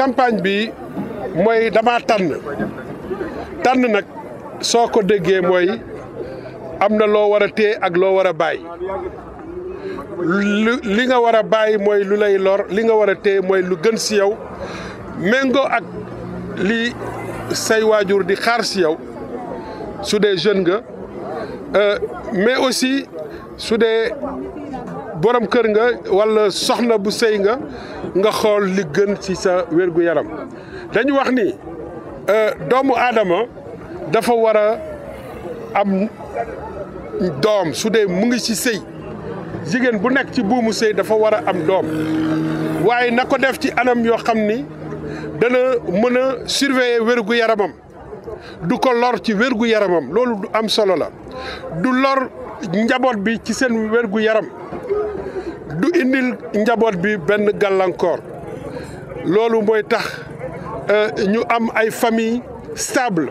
campagne bi mooy dama tànn tànn nag soo ko déggee mooy am na loo war a téye ak loo war a bàyyi li nga war a bàyyi mooy lu lay lor li nga war a téye mooy lu gën si yow méngoo ak li say waajur di xaar si yow su dee jeune nga euh, mais aussi su dee boroom kër nga walla soxna bu sëy nga nga xool li gën ci sa wérgu yaram dañu wax ni euh, doomu aadama dafa war a am doom su dee mu ngi ci sëy jigéen bu nekk ci buumu sëy dafa war a am doom waaye na ko def ci anam yoo xam ni dana mën a surveiller wérgu yaramam du ko lor ci wérgu yaramam loolu du am solo la du lor njaboot bi ci seen wérgu yaram du indil njaboot bi benn gàllankoor loolu mooy tax euh, ñu am ay famille stable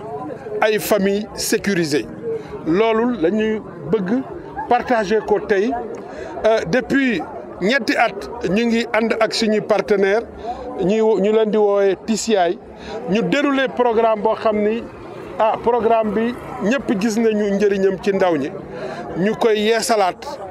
ay famille sécurisée loolu la ñuy bëgg partager ko tey euh, depuis ñetti at ñu ngi ànd ak suñuy partenaire ñu ñu leen di woowee TCI ñu déroulé programme boo xam ni ah programme bi ñëpp gis nañu njëriñam ci ndaw ñi ñu koy yeesalaat